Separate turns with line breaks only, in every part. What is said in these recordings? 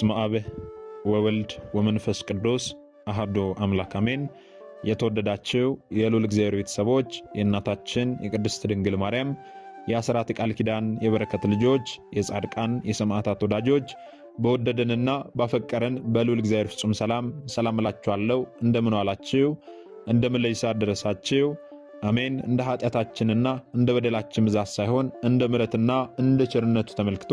በስመ አብ ወወልድ ወመንፈስ ቅዱስ አሐዱ አምላክ አሜን። የተወደዳችው የሉል እግዚአብሔር ቤተሰቦች የእናታችን የቅድስት ድንግል ማርያም የአስራት ቃል ኪዳን የበረከት ልጆች የጻድቃን የሰማዕታት ወዳጆች በወደደንና ባፈቀረን በልዑል እግዚአብሔር ፍጹም ሰላም ሰላም እላችኋለሁ። እንደምን ዋላችሁ? እንደምን ለይሳ ደረሳችሁ? አሜን። እንደ ኃጢአታችንና እንደ በደላችን ብዛት ሳይሆን እንደ ምረትና እንደ ቸርነቱ ተመልክቶ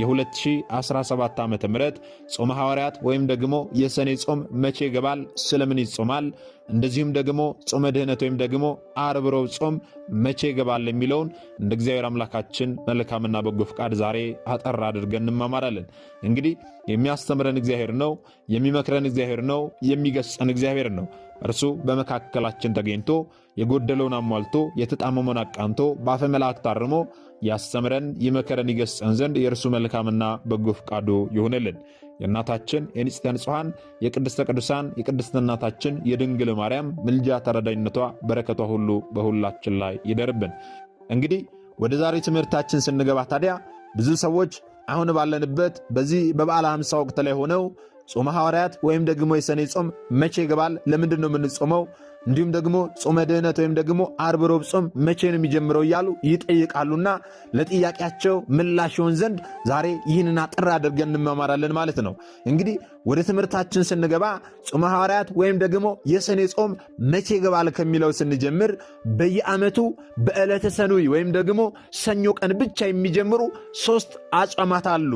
የ2017 ዓ ም ጾመ ሐዋርያት ወይም ደግሞ የሰኔ ጾም መቼ ይገባል? ስለምን ይጾማል? እንደዚሁም ደግሞ ጾመ ድህነት ወይም ደግሞ ዓርብ ጾም መቼ ይገባል የሚለውን እንደ እግዚአብሔር አምላካችን መልካምና በጎ ፍቃድ ዛሬ አጠር አድርገን እንማማራለን። እንግዲህ የሚያስተምረን እግዚአብሔር ነው፣ የሚመክረን እግዚአብሔር ነው፣ የሚገስጸን እግዚአብሔር ነው። እርሱ በመካከላችን ተገኝቶ የጎደለውን አሟልቶ የተጣመመውን አቃንቶ በአፈ መላእክት አርሞ ያስተምረን ይመከረን ይገስጸን ዘንድ የእርሱ መልካምና በጎ ፍቃዱ ይሆንልን። የእናታችን የንጽሕተ ንጹሐን የቅድስተ ቅዱሳን የቅድስተ እናታችን የድንግል ማርያም ምልጃ ተረዳኝነቷ፣ በረከቷ ሁሉ በሁላችን ላይ ይደርብን። እንግዲህ ወደ ዛሬ ትምህርታችን ስንገባ ታዲያ ብዙ ሰዎች አሁን ባለንበት በዚህ በበዓለ ሃምሳ ወቅት ላይ ሆነው ጾመ ሐዋርያት ወይም ደግሞ የሰኔ ጾም መቼ ይገባል? ለምንድን ነው የምንጾመው? እንዲሁም ደግሞ ጾመ ድህነት ወይም ደግሞ አርብ ሮብ ጾም መቼ ነው የሚጀምረው እያሉ ይጠይቃሉና ለጥያቄያቸው ምላሽ ይሆን ዘንድ ዛሬ ይህንን አጥር አድርገን እንመማራለን ማለት ነው። እንግዲህ ወደ ትምህርታችን ስንገባ ጾመ ሐዋርያት ወይም ደግሞ የሰኔ ጾም መቼ ይገባል ከሚለው ስንጀምር በየዓመቱ በዕለተ ሰኑይ ወይም ደግሞ ሰኞ ቀን ብቻ የሚጀምሩ ሶስት አጽዋማት አሉ።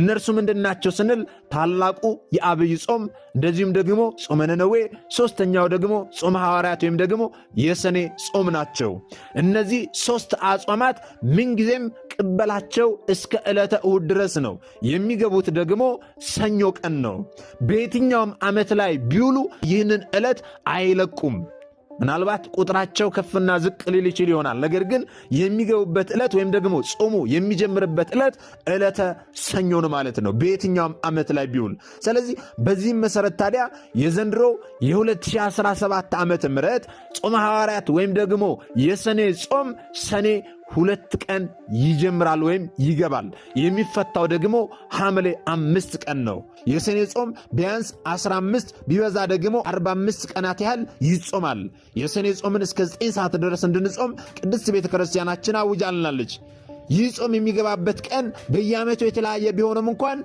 እነርሱ ምንድናቸው ስንል ታላቁ የአብይ ጾም፣ እንደዚሁም ደግሞ ጾመ ነነዌ፣ ሶስተኛው ደግሞ ጾመ ሐዋርያት ወይም ደግሞ የሰኔ ጾም ናቸው። እነዚህ ሦስት አጾማት ምንጊዜም ቅበላቸው እስከ ዕለተ እሁድ ድረስ ነው። የሚገቡት ደግሞ ሰኞ ቀን ነው። በየትኛውም ዓመት ላይ ቢውሉ ይህንን ዕለት አይለቁም። ምናልባት ቁጥራቸው ከፍና ዝቅ ሊል ይችል ይሆናል። ነገር ግን የሚገቡበት ዕለት ወይም ደግሞ ጾሙ የሚጀምርበት ዕለት ዕለተ ሰኞን ማለት ነው በየትኛውም ዓመት ላይ ቢውል። ስለዚህ በዚህም መሰረት ታዲያ የዘንድሮ የ2017 ዓመተ ምህረት ጾመ ሐዋርያት ወይም ደግሞ የሰኔ ጾም ሰኔ ሁለት ቀን ይጀምራል ወይም ይገባል። የሚፈታው ደግሞ ሐምሌ አምስት ቀን ነው። የሰኔ ጾም ቢያንስ 15 ቢበዛ ደግሞ 45 ቀናት ያህል ይጾማል። የሰኔ ጾምን እስከ 9 ሰዓት ድረስ እንድንጾም ቅድስት ቤተ ክርስቲያናችን አውጃልናለች። ይህ ጾም የሚገባበት ቀን በየዓመቱ የተለያየ ቢሆንም እንኳን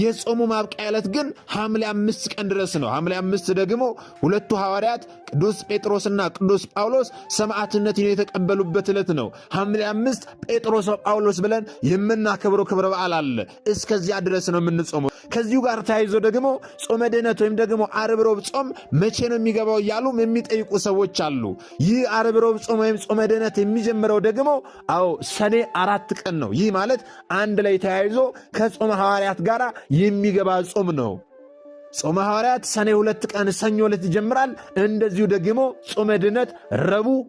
የጾሙ ማብቂያ ዕለት ግን ሐምሌ አምስት ቀን ድረስ ነው። ሐምሌ አምስት ደግሞ ሁለቱ ሐዋርያት ቅዱስ ጴጥሮስና ቅዱስ ጳውሎስ ሰማዕትነትን የተቀበሉበት ዕለት ነው። ሐምሌ አምስት ጴጥሮስ ጳውሎስ ብለን የምናከብረው ክብረ በዓል አለ። እስከዚያ ድረስ ነው የምንጾመው። ከዚሁ ጋር ተያይዞ ደግሞ ጾመ ድኅነት ወይም ደግሞ ዓርብ ሮብ ጾም መቼ ነው የሚገባው እያሉም የሚጠይቁ ሰዎች አሉ። ይህ ዓርብ ሮብ ጾም ወይም ጾመ ድኅነት የሚጀምረው ደግሞ አዎ ሰኔ አራት ቀን ነው። ይህ ማለት አንድ ላይ ተያይዞ ከጾመ ሐዋርያት ጋር የሚገባ ጾም ነው። ጾመ ሐዋርያት ሰኔ ሁለት ቀን ሰኞ ዕለት ይጀምራል። እንደዚሁ ደግሞ ጾመ ድነት ረቡዕ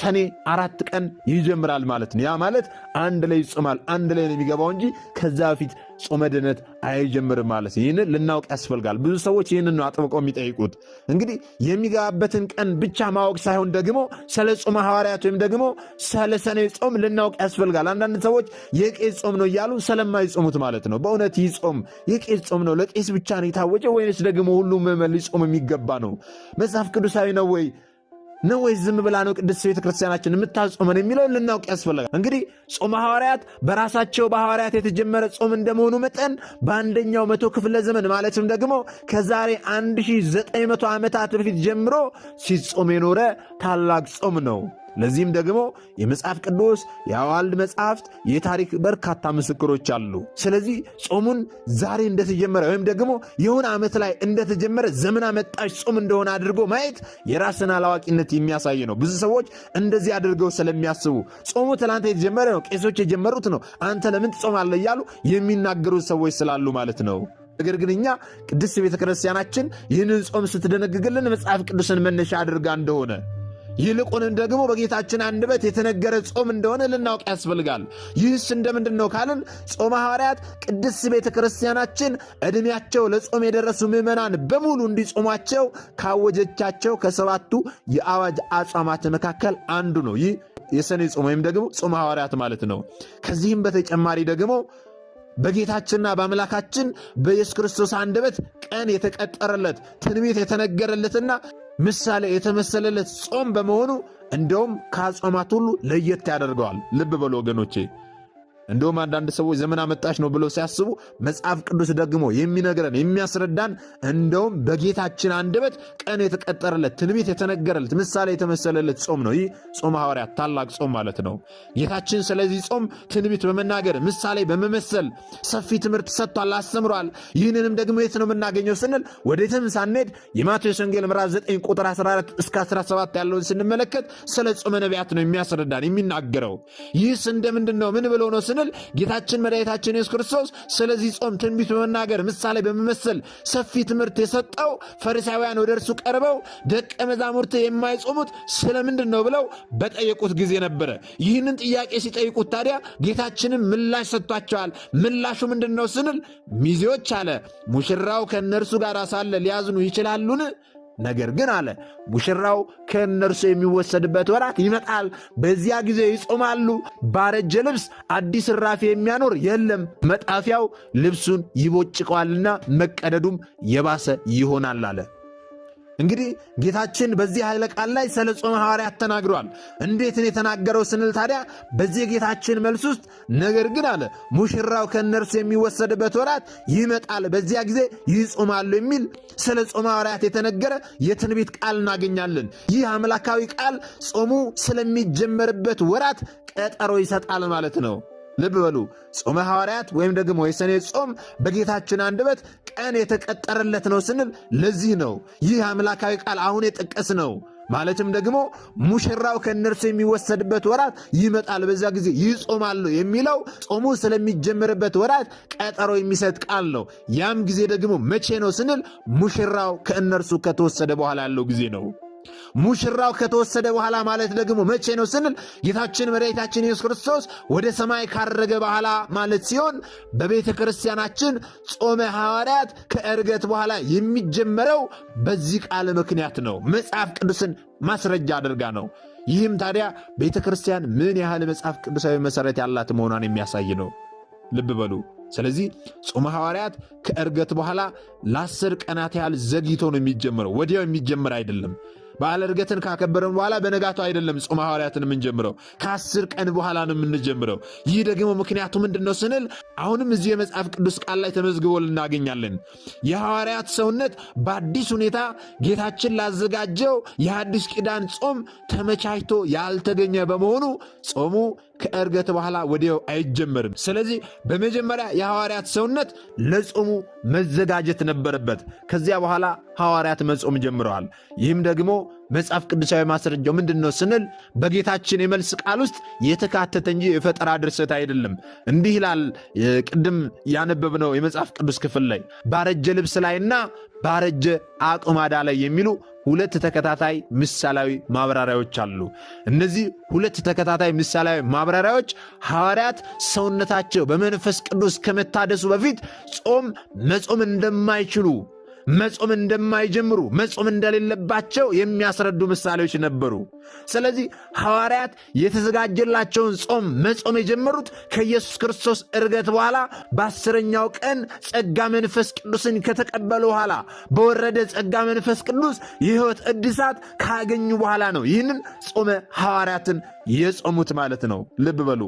ሰኔ አራት ቀን ይጀምራል ማለት ነው። ያ ማለት አንድ ላይ ይጾማል፣ አንድ ላይ ነው የሚገባው እንጂ ከዛ በፊት ጾመ ድህነት አይጀምርም ማለት ይህንን ልናውቅ ያስፈልጋል። ብዙ ሰዎች ይህንን ነው አጥብቀው የሚጠይቁት። እንግዲህ የሚገባበትን ቀን ብቻ ማወቅ ሳይሆን ደግሞ ስለ ጾመ ሐዋርያት ወይም ደግሞ ስለ ሰኔ ጾም ልናውቅ ያስፈልጋል። አንዳንድ ሰዎች የቄስ ጾም ነው እያሉ ስለማይጾሙት ማለት ነው። በእውነት ይህ ጾም የቄስ ጾም ነው ለቄስ ብቻ ነው የታወጀ ወይንስ ደግሞ ሁሉም መመል ጾም የሚገባ ነው? መጽሐፍ ቅዱሳዊ ነው ወይ ነው ወይስ ዝም ብላ ነው ቅድስት ቤተ ክርስቲያናችን የምታጾመን የሚለውን ልናውቅ ያስፈልጋል። እንግዲህ ጾመ ሐዋርያት በራሳቸው በሐዋርያት የተጀመረ ጾም እንደመሆኑ መጠን በአንደኛው መቶ ክፍለ ዘመን ማለትም ደግሞ ከዛሬ 1900 ዓመታት በፊት ጀምሮ ሲጾም የኖረ ታላቅ ጾም ነው። ለዚህም ደግሞ የመጽሐፍ ቅዱስ የአዋልድ መጽሐፍት የታሪክ በርካታ ምስክሮች አሉ። ስለዚህ ጾሙን ዛሬ እንደተጀመረ ወይም ደግሞ የሆነ ዓመት ላይ እንደተጀመረ ዘመን አመጣሽ ጾም እንደሆነ አድርጎ ማየት የራስን አላዋቂነት የሚያሳይ ነው። ብዙ ሰዎች እንደዚህ አድርገው ስለሚያስቡ ጾሙ ትላንት የተጀመረ ነው፣ ቄሶች የጀመሩት ነው፣ አንተ ለምን ትጾማለህ እያሉ የሚናገሩት ሰዎች ስላሉ ማለት ነው። ነገር ግን እኛ ቅድስት ቤተክርስቲያናችን ይህንን ጾም ስትደነግግልን መጽሐፍ ቅዱስን መነሻ አድርጋ እንደሆነ ይልቁንን ደግሞ በጌታችን አንደበት የተነገረ ጾም እንደሆነ ልናውቅ ያስፈልጋል። ይህስ እንደምንድን ነው ካልን ጾመ ሐዋርያት ቅድስ ቤተ ክርስቲያናችን ዕድሜያቸው ለጾም የደረሱ ምዕመናን በሙሉ እንዲጾሟቸው ካወጀቻቸው ከሰባቱ የአዋጅ አጽዋማት መካከል አንዱ ነው። ይህ የሰኔ ጾም ወይም ደግሞ ጾመ ሐዋርያት ማለት ነው። ከዚህም በተጨማሪ ደግሞ በጌታችንና በአምላካችን በኢየሱስ ክርስቶስ አንደበት ቀን የተቀጠረለት ትንቢት የተነገረለትና ምሳሌ የተመሰለለት ጾም በመሆኑ እንደውም ከአጾማት ሁሉ ለየት ያደርገዋል። ልብ በሉ ወገኖቼ። እንደውም አንዳንድ ሰዎች ዘመን አመጣሽ ነው ብለው ሲያስቡ መጽሐፍ ቅዱስ ደግሞ የሚነግረን የሚያስረዳን እንደውም በጌታችን አንደበት ቀን የተቀጠረለት ትንቢት የተነገረለት ምሳሌ የተመሰለለት ጾም ነው። ይህ ጾም ሐዋርያት ታላቅ ጾም ማለት ነው። ጌታችን ስለዚህ ጾም ትንቢት በመናገር ምሳሌ በመመሰል ሰፊ ትምህርት ሰጥቷል፣ አስተምሯል። ይህንንም ደግሞ የት ነው የምናገኘው ስንል ወዴትም ሳንሄድ የማቴዎስ ወንጌል ምዕራፍ 9 ቁጥር 14 እስከ 17 ያለውን ስንመለከት ስለ ጾመ ነቢያት ነው የሚያስረዳን የሚናገረው። ይህስ እንደምንድን ነው ምን ብለው ነው ስንል ክፍል ጌታችን መድኃኒታችን ኢየሱስ ክርስቶስ ስለዚህ ጾም ትንቢት በመናገር ምሳሌ በመመሰል ሰፊ ትምህርት የሰጠው ፈሪሳውያን ወደ እርሱ ቀርበው ደቀ መዛሙርት የማይጾሙት ስለምንድን ነው ብለው በጠየቁት ጊዜ ነበረ። ይህንን ጥያቄ ሲጠይቁት ታዲያ ጌታችንም ምላሽ ሰጥቷቸዋል። ምላሹ ምንድን ነው ስንል ሚዜዎች አለ ሙሽራው ከእነርሱ ጋር ሳለ ሊያዝኑ ይችላሉን? ነገር ግን አለ ሙሽራው ከእነርሱ የሚወሰድበት ወራት ይመጣል። በዚያ ጊዜ ይጾማሉ። ባረጀ ልብስ አዲስ ራፊ የሚያኖር የለም፣ መጣፊያው ልብሱን ይቦጭቀዋልና መቀደዱም የባሰ ይሆናል አለ። እንግዲህ ጌታችን በዚህ ኃይለ ቃል ላይ ስለ ጾመ ሐዋርያት ተናግሯል። እንዴትን የተናገረው ስንል ታዲያ በዚህ ጌታችን መልስ ውስጥ ነገር ግን አለ ሙሽራው ከእነርሱ የሚወሰድበት ወራት ይመጣል፣ በዚያ ጊዜ ይጾማሉ የሚል ስለ ጾመ ሐዋርያት የተነገረ የትንቢት ቃል እናገኛለን። ይህ አምላካዊ ቃል ጾሙ ስለሚጀመርበት ወራት ቀጠሮ ይሰጣል ማለት ነው። ልብ በሉ ጾመ ሐዋርያት ወይም ደግሞ የሰኔ ጾም በጌታችን አንደበት ቀን የተቀጠረለት ነው ስንል ለዚህ ነው። ይህ አምላካዊ ቃል አሁን የጠቀስ ነው። ማለትም ደግሞ ሙሽራው ከእነርሱ የሚወሰድበት ወራት ይመጣል፣ በዛ ጊዜ ይጾማሉ የሚለው ጾሙ ስለሚጀምርበት ወራት ቀጠሮ የሚሰጥ ቃል ነው። ያም ጊዜ ደግሞ መቼ ነው ስንል ሙሽራው ከእነርሱ ከተወሰደ በኋላ ያለው ጊዜ ነው። ሙሽራው ከተወሰደ በኋላ ማለት ደግሞ መቼ ነው ስንል ጌታችን መድኃኒታችን ኢየሱስ ክርስቶስ ወደ ሰማይ ካረገ በኋላ ማለት ሲሆን በቤተ ክርስቲያናችን ጾመ ሐዋርያት ከእርገት በኋላ የሚጀመረው በዚህ ቃል ምክንያት ነው። መጽሐፍ ቅዱስን ማስረጃ አድርጋ ነው። ይህም ታዲያ ቤተ ክርስቲያን ምን ያህል መጽሐፍ ቅዱሳዊ መሠረት ያላት መሆኗን የሚያሳይ ነው። ልብ በሉ። ስለዚህ ጾመ ሐዋርያት ከእርገት በኋላ ለአስር ቀናት ያህል ዘግይቶ ነው የሚጀምረው፣ ወዲያው የሚጀምር አይደለም። በዓለ ዕርገትን ካከበረን በኋላ በነጋቱ አይደለም ጾመ ሐዋርያትን የምንጀምረው፣ ከአስር ቀን በኋላ ነው የምንጀምረው። ይህ ደግሞ ምክንያቱ ምንድን ነው ስንል አሁንም እዚህ የመጽሐፍ ቅዱስ ቃል ላይ ተመዝግቦ እናገኛለን። የሐዋርያት ሰውነት በአዲስ ሁኔታ ጌታችን ላዘጋጀው የአዲስ ኪዳን ጾም ተመቻችቶ ያልተገኘ በመሆኑ ጾሙ ከእርገት በኋላ ወዲያው አይጀመርም። ስለዚህ በመጀመሪያ የሐዋርያት ሰውነት ለጾሙ መዘጋጀት ነበረበት። ከዚያ በኋላ ሐዋርያት መጾም ጀምረዋል። ይህም ደግሞ መጽሐፍ ቅዱሳዊ ማስረጃው ምንድን ነው ስንል በጌታችን የመልስ ቃል ውስጥ የተካተተ እንጂ የፈጠራ ድርሰት አይደለም። እንዲህ ይላል፣ ቅድም ያነበብነው የመጽሐፍ ቅዱስ ክፍል ላይ ባረጀ ልብስ ላይና ባረጀ አቁማዳ ላይ የሚሉ ሁለት ተከታታይ ምሳሌያዊ ማብራሪያዎች አሉ። እነዚህ ሁለት ተከታታይ ምሳሌያዊ ማብራሪያዎች ሐዋርያት ሰውነታቸው በመንፈስ ቅዱስ ከመታደሱ በፊት ጾም መጾም እንደማይችሉ መጾም እንደማይጀምሩ መጾም እንደሌለባቸው የሚያስረዱ ምሳሌዎች ነበሩ። ስለዚህ ሐዋርያት የተዘጋጀላቸውን ጾም መጾም የጀመሩት ከኢየሱስ ክርስቶስ እርገት በኋላ በአስረኛው ቀን ጸጋ መንፈስ ቅዱስን ከተቀበሉ በኋላ በወረደ ጸጋ መንፈስ ቅዱስ የሕይወት እድሳት ካገኙ በኋላ ነው። ይህንን ጾመ ሐዋርያትን የጾሙት ማለት ነው። ልብ በሉ።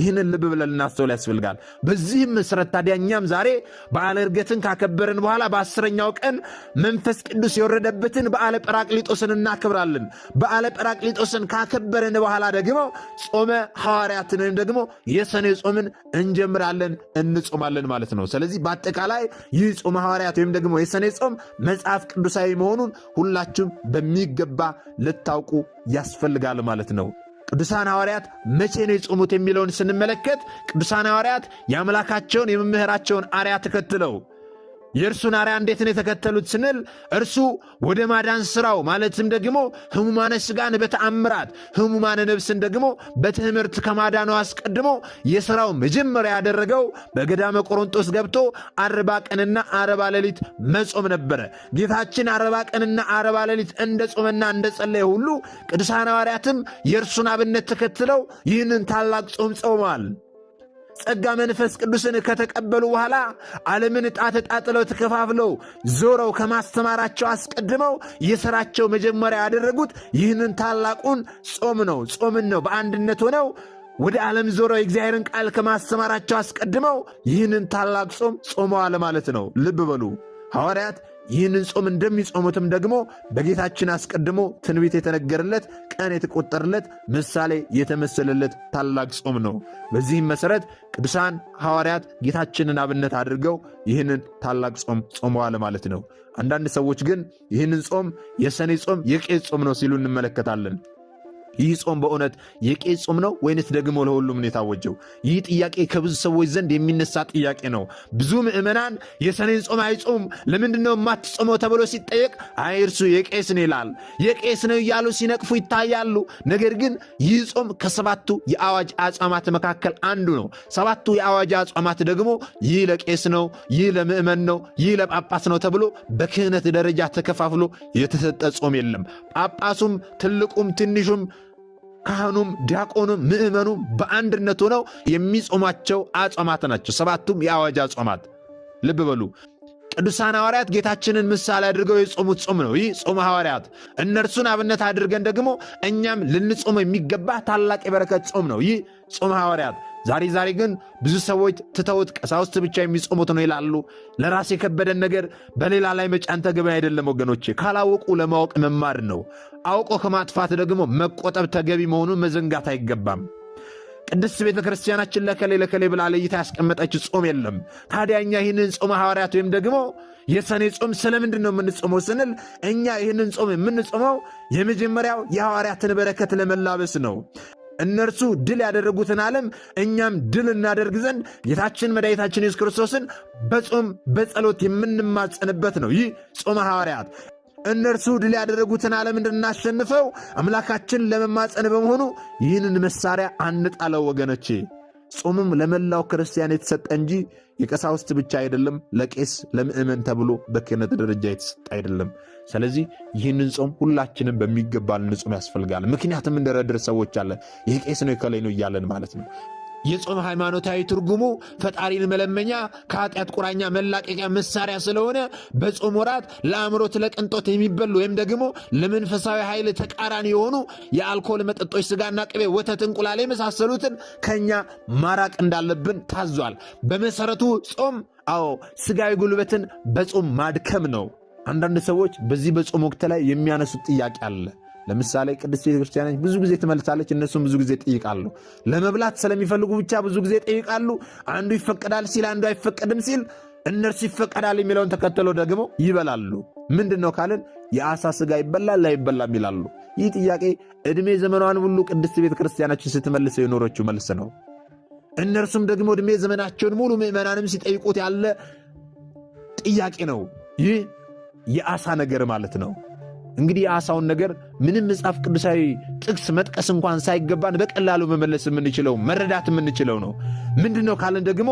ይህንን ልብ ብለን ልናስተውል ያስፈልጋል። በዚህም መሰረት ታዲያ እኛም ዛሬ በዓለ ዕርገትን ካከበርን በኋላ በአስረኛው ቀን መንፈስ ቅዱስ የወረደበትን በዓለ ጰራቅሊጦስን እናክብራለን። በዓለ ጰራቅሊጦስን ካከበርን በኋላ ደግሞ ጾመ ሐዋርያትን ወይም ደግሞ የሰኔ ጾምን እንጀምራለን፣ እንጾማለን ማለት ነው። ስለዚህ በአጠቃላይ ይህ ጾመ ሐዋርያት ወይም ደግሞ የሰኔ ጾም መጽሐፍ ቅዱሳዊ መሆኑን ሁላችሁም በሚገባ ልታውቁ ያስፈልጋል ማለት ነው። ቅዱሳን ሐዋርያት መቼ ነው የጾሙት የሚለውን ስንመለከት ቅዱሳን ሐዋርያት የአምላካቸውን የመምህራቸውን አርያ ተከትለው የእርሱን አርያ እንዴት ነው የተከተሉት ስንል እርሱ ወደ ማዳን ሥራው ማለትም ደግሞ ሕሙማነ ሥጋን በተአምራት ሕሙማነ ነብስን ደግሞ በትምህርት ከማዳኑ አስቀድሞ የሥራው መጀመሪያ ያደረገው በገዳመ ቆሮንጦስ ገብቶ አርባ ቀንና አርባ ሌሊት መጾም ነበረ። ጌታችን አርባ ቀንና አርባ ሌሊት እንደ ጾመና እንደ ጸለየ ሁሉ ቅዱሳን ሐዋርያትም የእርሱን አብነት ተከትለው ይህንን ታላቅ ጾም ጾመዋል። ጸጋ መንፈስ ቅዱስን ከተቀበሉ በኋላ ዓለምን ዕጣ ተጣጥለው ተከፋፍለው ዞረው ከማስተማራቸው አስቀድመው የሥራቸው መጀመሪያ ያደረጉት ይህንን ታላቁን ጾም ነው። ጾምን ነው በአንድነት ሆነው ወደ ዓለም ዞረው የእግዚአብሔርን ቃል ከማስተማራቸው አስቀድመው ይህንን ታላቅ ጾም ጾመዋል ማለት ነው። ልብ በሉ ሐዋርያት ይህንን ጾም እንደሚጾሙትም ደግሞ በጌታችን አስቀድሞ ትንቢት የተነገረለት ቀን የተቆጠረለት ምሳሌ የተመሰለለት ታላቅ ጾም ነው። በዚህም መሰረት ቅዱሳን ሐዋርያት ጌታችንን አብነት አድርገው ይህንን ታላቅ ጾም ጾመዋል ማለት ነው። አንዳንድ ሰዎች ግን ይህንን ጾም የሰኔ ጾም፣ የቄስ ጾም ነው ሲሉ እንመለከታለን። ይህ ጾም በእውነት የቄስ ጾም ነው ወይንስ ደግሞ ለሁሉም ነው የታወጀው? ይህ ጥያቄ ከብዙ ሰዎች ዘንድ የሚነሳ ጥያቄ ነው። ብዙ ምዕመናን የሰኔን ጾም አይጾም ለምንድነው የማትጾመው ተብሎ ሲጠየቅ አይ እርሱ የቄስ ነው ይላል። የቄስ ነው እያሉ ሲነቅፉ ይታያሉ። ነገር ግን ይህ ጾም ከሰባቱ የአዋጅ አጽዋማት መካከል አንዱ ነው። ሰባቱ የአዋጅ አጽዋማት ደግሞ ይህ ለቄስ ነው፣ ይህ ለምዕመን ነው፣ ይህ ለጳጳስ ነው ተብሎ በክህነት ደረጃ ተከፋፍሎ የተሰጠ ጾም የለም። ጳጳሱም ትልቁም ትንሹም ካህኑም ዲያቆኑም ምእመኑም በአንድነት ሆነው የሚጾማቸው አጾማት ናቸው። ሰባቱም የአዋጅ አጾማት። ልብ በሉ ቅዱሳን ሐዋርያት ጌታችንን ምሳሌ አድርገው የጾሙት ጾም ነው። ይህ ጾመ ሐዋርያት እነርሱን አብነት አድርገን ደግሞ እኛም ልንጾመው የሚገባ ታላቅ የበረከት ጾም ነው። ይህ ጾመ ሐዋርያት ዛሬ ዛሬ ግን ብዙ ሰዎች ትተውት ቀሳውስት ብቻ የሚጾሙት ነው ይላሉ። ለራስ የከበደን ነገር በሌላ ላይ መጫን ተገቢ አይደለም ወገኖቼ። ካላወቁ ለማወቅ መማር ነው። አውቆ ከማጥፋት ደግሞ መቆጠብ ተገቢ መሆኑን መዘንጋት አይገባም። ቅድስት ቤተ ክርስቲያናችን ለከሌ ለከሌ ብላ ለይታ ያስቀመጠች ጾም የለም። ታዲያ እኛ ይህንን ጾመ ሐዋርያት ወይም ደግሞ የሰኔ ጾም ስለምንድን ነው የምንጾመው ስንል እኛ ይህንን ጾም የምንጾመው የመጀመሪያው የሐዋርያትን በረከት ለመላበስ ነው። እነርሱ ድል ያደረጉትን ዓለም እኛም ድል እናደርግ ዘንድ ጌታችን መድኃኒታችን ኢየሱስ ክርስቶስን በጾም በጸሎት የምንማጸንበት ነው። ይህ ጾመ ሐዋርያት እነርሱ ድል ያደረጉትን ዓለም እንድናሸንፈው አምላካችን ለመማፀን በመሆኑ ይህንን መሳሪያ አንጣለው ወገኖቼ። ጾምም ለመላው ክርስቲያን የተሰጠ እንጂ የቀሳውስት ብቻ አይደለም፣ ለቄስ ለምእመን ተብሎ በክህነት ደረጃ የተሰጠ አይደለም። ስለዚህ ይህንን ጾም ሁላችንም በሚገባ ልንጾም ያስፈልጋል። ምክንያቱም እንደረድር ሰዎች አለ ይህ ቄስ ነው የከላይ ነው እያለን ማለት ነው። የጾም ሃይማኖታዊ ትርጉሙ ፈጣሪን መለመኛ ከኃጢአት ቁራኛ መላቀቂያ መሳሪያ ስለሆነ በጾም ወራት ለአእምሮት ለቅንጦት የሚበሉ ወይም ደግሞ ለመንፈሳዊ ኃይል ተቃራኒ የሆኑ የአልኮል መጠጦች፣ ስጋና ቅቤ፣ ወተት፣ እንቁላል የመሳሰሉትን ከኛ ማራቅ እንዳለብን ታዟል። በመሰረቱ ጾም አዎ ስጋዊ ጉልበትን በጾም ማድከም ነው። አንዳንድ ሰዎች በዚህ በጾም ወቅት ላይ የሚያነሱት ጥያቄ አለ። ለምሳሌ ቅድስት ቤተክርስቲያኖች ብዙ ጊዜ ትመልሳለች፣ እነሱም ብዙ ጊዜ ጠይቃሉ ለመብላት ስለሚፈልጉ ብቻ ብዙ ጊዜ ጠይቃሉ አንዱ ይፈቀዳል ሲል፣ አንዱ አይፈቀድም ሲል፣ እነርሱ ይፈቀዳል የሚለውን ተከትሎ ደግሞ ይበላሉ። ምንድን ነው ካልን የአሳ ስጋ ይበላል ላይበላም ይላሉ። ይህ ጥያቄ ዕድሜ ዘመኗን ሁሉ ቅድስት ቤተክርስቲያናችን ስትመልሰ የኖረችው መልስ ነው። እነርሱም ደግሞ ዕድሜ ዘመናቸውን ሙሉ ምዕመናንም ሲጠይቁት ያለ ጥያቄ ነው። ይህ የአሳ ነገር ማለት ነው። እንግዲህ የአሳውን ነገር ምንም መጽሐፍ ቅዱሳዊ ጥቅስ መጥቀስ እንኳን ሳይገባን በቀላሉ መመለስ የምንችለው መረዳት የምንችለው ነው። ምንድን ነው ካለን ደግሞ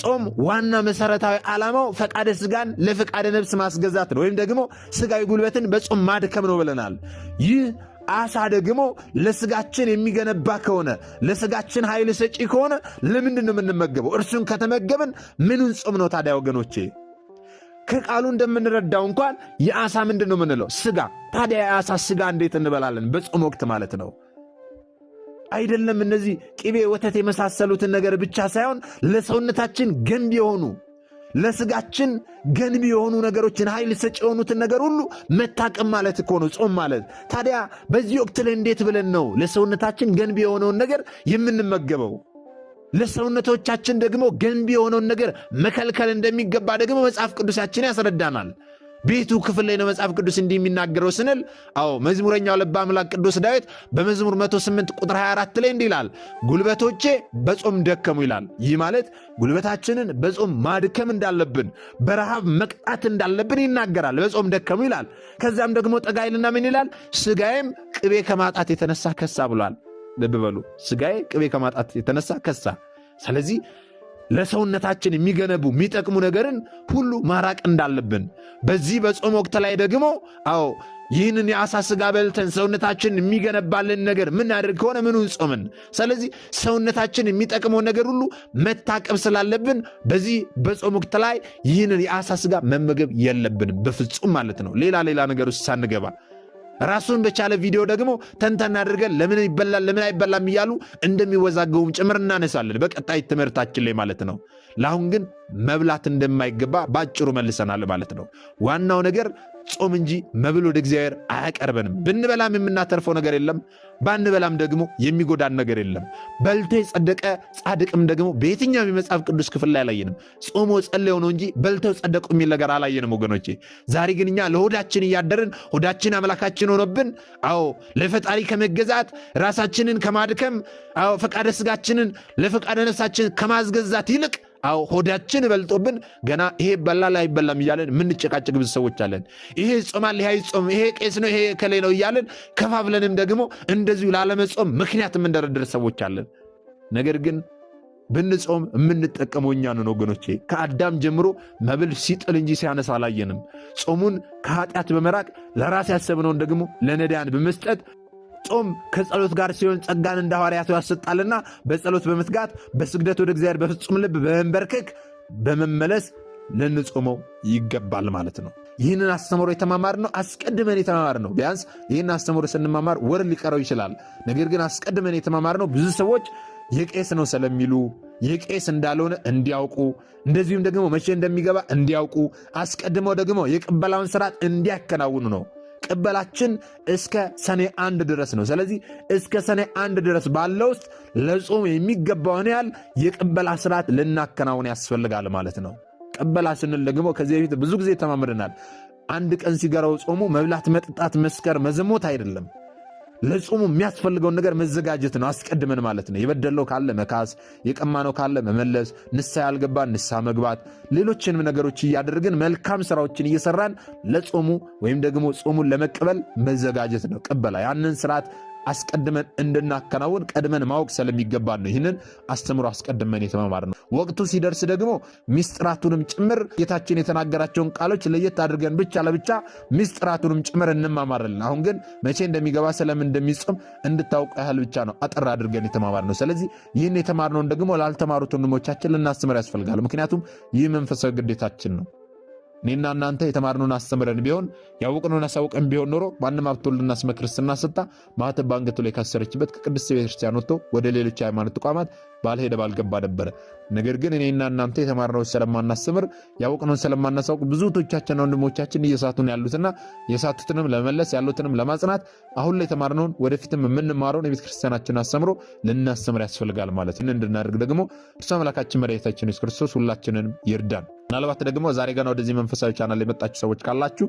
ጾም ዋና መሰረታዊ ዓላማው ፈቃደ ስጋን ለፈቃደ ነብስ ማስገዛት ነው፣ ወይም ደግሞ ስጋዊ ጉልበትን በጾም ማድከም ነው ብለናል። ይህ አሳ ደግሞ ለስጋችን የሚገነባ ከሆነ ለስጋችን ኃይል ሰጪ ከሆነ ለምንድን ነው የምንመገበው? እርሱን ከተመገብን ምንን ጾም ነው ታዲያ ወገኖቼ? ከቃሉ እንደምንረዳው እንኳን የአሳ ምንድን ነው የምንለው? ስጋ። ታዲያ የአሳ ስጋ እንዴት እንበላለን? በጾም ወቅት ማለት ነው አይደለም። እነዚህ ቅቤ፣ ወተት የመሳሰሉትን ነገር ብቻ ሳይሆን ለሰውነታችን ገንቢ የሆኑ ለስጋችን ገንቢ የሆኑ ነገሮችን ኃይል ሰጭ የሆኑትን ነገር ሁሉ መታቀም ማለት እኮ ነው ጾም ማለት። ታዲያ በዚህ ወቅት ላይ እንዴት ብለን ነው ለሰውነታችን ገንቢ የሆነውን ነገር የምንመገበው? ለሰውነቶቻችን ደግሞ ገንቢ የሆነውን ነገር መከልከል እንደሚገባ ደግሞ መጽሐፍ ቅዱሳችን ያስረዳናል። ቤቱ ክፍል ላይ ነው መጽሐፍ ቅዱስ እንዲህ የሚናገረው ስንል፣ አዎ መዝሙረኛው ልበ አምላክ ቅዱስ ዳዊት በመዝሙር 108 ቁጥር 24 ላይ እንዲህ ይላል፣ ጉልበቶቼ በጾም ደከሙ ይላል። ይህ ማለት ጉልበታችንን በጾም ማድከም እንዳለብን፣ በረሃብ መቅጣት እንዳለብን ይናገራል። በጾም ደከሙ ይላል። ከዚያም ደግሞ ጠጋ ይልና ምን ይላል? ስጋዬም ቅቤ ከማጣት የተነሳ ከሳ ብሏል። ልብ በሉ ስጋዬ ቅቤ ከማጣት የተነሳ ከሳ። ስለዚህ ለሰውነታችን የሚገነቡ የሚጠቅሙ ነገርን ሁሉ ማራቅ እንዳለብን በዚህ በጾም ወቅት ላይ ደግሞ አዎ ይህንን የአሳ ስጋ በልተን ሰውነታችን የሚገነባልን ነገር ምናደርግ ከሆነ ምኑን ጾምን? ስለዚህ ሰውነታችን የሚጠቅመው ነገር ሁሉ መታቀብ ስላለብን በዚህ በጾም ወቅት ላይ ይህንን የአሳ ስጋ መመገብ የለብንም በፍጹም ማለት ነው። ሌላ ሌላ ነገር ውስጥ ሳንገባ ራሱን በቻለ ቪዲዮ ደግሞ ተንተና አድርገን ለምን ይበላል ለምን አይበላም እያሉ እንደሚወዛገቡም ጭምር እናነሳለን በቀጣይ ትምህርታችን ላይ ማለት ነው። ለአሁን ግን መብላት እንደማይገባ በአጭሩ መልሰናል ማለት ነው። ዋናው ነገር ጾም እንጂ መብል ወደ እግዚአብሔር አያቀርበንም። ብንበላም የምናተርፈው ነገር የለም፣ ባንበላም ደግሞ የሚጎዳን ነገር የለም። በልቶ የጸደቀ ጻድቅም ደግሞ በየትኛውም የመጽሐፍ ቅዱስ ክፍል ላይ አላየንም። ጾሞ ጸለየው ነው እንጂ በልተው ጸደቁ የሚል ነገር አላየንም ወገኖቼ። ዛሬ ግን እኛ ለሆዳችን እያደርን ሆዳችን አምላካችን ሆኖብን፣ አዎ ለፈጣሪ ከመገዛት ራሳችንን ከማድከም፣ አዎ ፈቃደ ስጋችንን ለፈቃደ ነፍሳችን ከማስገዛት ይልቅ አዎ ሆዳችን በልጦብን ገና ይሄ ላይ አይበላም እያለን የምንጨቃጨቅ ብዙ ሰዎች አለን። ይሄ ጾማል፣ ይሄ አይጾም፣ ይሄ ቄስ ነው፣ ይሄ ከሌ ነው እያለን ከፋፍለንም ደግሞ እንደዚሁ ላለመጾም ምክንያት የምንደረድር ሰዎች አለን። ነገር ግን ብንጾም የምንጠቀመው እኛ ነን ወገኖቼ። ከአዳም ጀምሮ መብል ሲጥል እንጂ ሲያነሳ አላየንም። ጾሙን ከኃጢአት በመራቅ ለራስ ያሰብነውን ደግሞ ለነዳያን በመስጠት ጾም ከጸሎት ጋር ሲሆን ጸጋን እንደ ሐዋርያቱ ያሰጣልና በጸሎት በመትጋት በስግደት ወደ እግዚአብሔር በፍጹም ልብ በመንበርከክ በመመለስ ልንጾመው ይገባል ማለት ነው። ይህንን አስተምሮ ነው አስቀድመን ነው። ቢያንስ ይህን አስተምሮ ስንማማር ወር ሊቀረው ይችላል። ነገር ግን አስቀድመን የተማማርነው ብዙ ሰዎች የቄስ ነው ስለሚሉ የቄስ እንዳልሆነ እንዲያውቁ እንደዚሁም ደግሞ መቼ እንደሚገባ እንዲያውቁ አስቀድመው ደግሞ የቅበላውን ስርዓት እንዲያከናውኑ ነው። ቅበላችን እስከ ሰኔ አንድ ድረስ ነው። ስለዚህ እስከ ሰኔ አንድ ድረስ ባለ ውስጥ ለጾም የሚገባውን ያህል የቅበላ ስርዓት ልናከናውን ያስፈልጋል ማለት ነው። ቅበላ ስንል ደግሞ ከዚህ በፊት ብዙ ጊዜ ተማምደናል። አንድ ቀን ሲገራው ጾሙ መብላት፣ መጠጣት፣ መስከር፣ መዘሞት አይደለም ለጾሙ የሚያስፈልገውን ነገር መዘጋጀት ነው፣ አስቀድመን ማለት ነው። የበደለው ካለ መካስ፣ የቀማነው ካለ መመለስ፣ ንሳ ያልገባን ንሳ መግባት፣ ሌሎችንም ነገሮች እያደረግን መልካም ስራዎችን እየሰራን ለጾሙ ወይም ደግሞ ጾሙን ለመቀበል መዘጋጀት ነው። ቅበላ ያንን ስርዓት አስቀድመን እንድናከናውን ቀድመን ማወቅ ስለሚገባን ነው። ይህንን አስተምሮ አስቀድመን የተመማር ነው። ወቅቱ ሲደርስ ደግሞ ሚስጥራቱንም ጭምር ጌታችን የተናገራቸውን ቃሎች ለየት አድርገን ብቻ ለብቻ ሚስጥራቱንም ጭምር እንማማራለን። አሁን ግን መቼ እንደሚገባ ስለምን እንደሚጾም እንድታውቁ ያህል ብቻ ነው አጠር አድርገን የተማማር ነው። ስለዚህ ይህን የተማርነውን ደግሞ ላልተማሩት ወንድሞቻችን ልናስተምር ያስፈልጋል። ምክንያቱም ይህ መንፈሳዊ ግዴታችን ነው። እኔና እናንተ የተማርነውን አስተምረን ቢሆን ያውቅነውን አሳውቀን ቢሆን ኖሮ ማንም ሀብቶልና ስመ ክርስትና ስታ ማህተብ በአንገቱ ላይ ካሰረችበት ከቅድስት ቤተክርስቲያን ወጥቶ ወደ ሌሎች ሃይማኖት ተቋማት ባልሄደ ባልገባ ነበረ። ነገር ግን እኔና እናንተ የተማርነውን ስለማናስተምር ያውቅነውን ስለማናሳውቅ ብዙ እህቶቻችንና ወንድሞቻችን እየሳቱን ያሉትና የሳቱትንም ለመመለስ ያሉትንም ለማጽናት አሁን ላይ የተማርነውን ወደፊትም የምንማረውን የቤተ ክርስቲያናችን አስተምሮ ልናስተምር ያስፈልጋል ማለት ነው። እንድናደርግ ደግሞ እርሱ አምላካችን መድኃኒታችን ኢየሱስ ክርስቶስ ሁላችንንም ይርዳን። ምናልባት ደግሞ ዛሬ ገና ወደዚህ መንፈሳዊ ቻናል የመጣችሁ ሰዎች ካላችሁ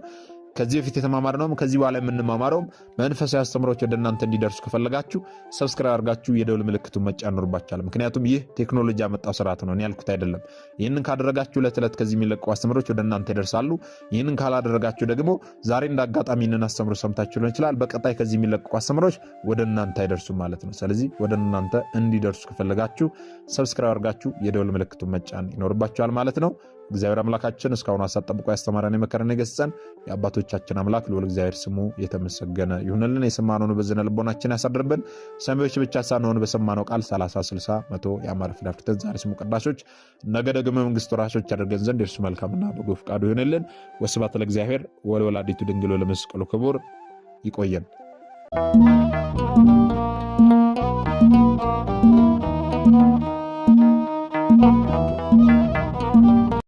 ከዚህ በፊት የተማማርነውም ከዚህ በኋላ የምንማማረውም መንፈሳዊ አስተምሮች ወደ እናንተ እንዲደርሱ ከፈለጋችሁ ሰብስክራይብ አድርጋችሁ የደውል ምልክቱን መጫን ይኖርባችኋል። ምክንያቱም ይህ ቴክኖሎጂ ያመጣው ስርዓት ነው፣ እኔ ያልኩት አይደለም። ይህንን ካደረጋችሁ ዕለት ዕለት ከዚህ የሚለቁ አስተምሮች ወደ እናንተ ይደርሳሉ። ይህንን ካላደረጋችሁ ደግሞ ዛሬ እንደ አጋጣሚ ይህንን አስተምሮ ሰምታችሁ ሊሆን ይችላል፣ በቀጣይ ከዚህ የሚለቁ አስተምሮች ወደ እናንተ አይደርሱም ማለት ነው። ስለዚህ ወደ እናንተ እንዲደርሱ ከፈለጋችሁ ሰብስክራይብ አድርጋችሁ የደውል ምልክቱን መጫን ይኖርባችኋል ማለት ነው። እግዚአብሔር አምላካችን እስካሁን ሀሳብ ጠብቆ ያስተማረን የመከረን የገሰጸን የአባቶቻችን አምላክ ልዑል እግዚአብሔር ስሙ የተመሰገነ ይሁንልን። የሰማነውን በዝነ ልቦናችን ያሳድርብን። ሰሚዎች ብቻ ሳንሆን በሰማነው ቃል 30 60 መቶ የአማረ ፍሬ አፍርተን ዛሬ ስሙ ቅዳሾች፣ ነገ ደግሞ መንግስት ወራሾች ያደርገን ዘንድ የእርሱ መልካምና በጎ ፈቃዱ ይሁንልን። ወስብሐት ለእግዚአብሔር ወለወላዲቱ ድንግል ለመስቀሉ ክቡር። ይቆየን።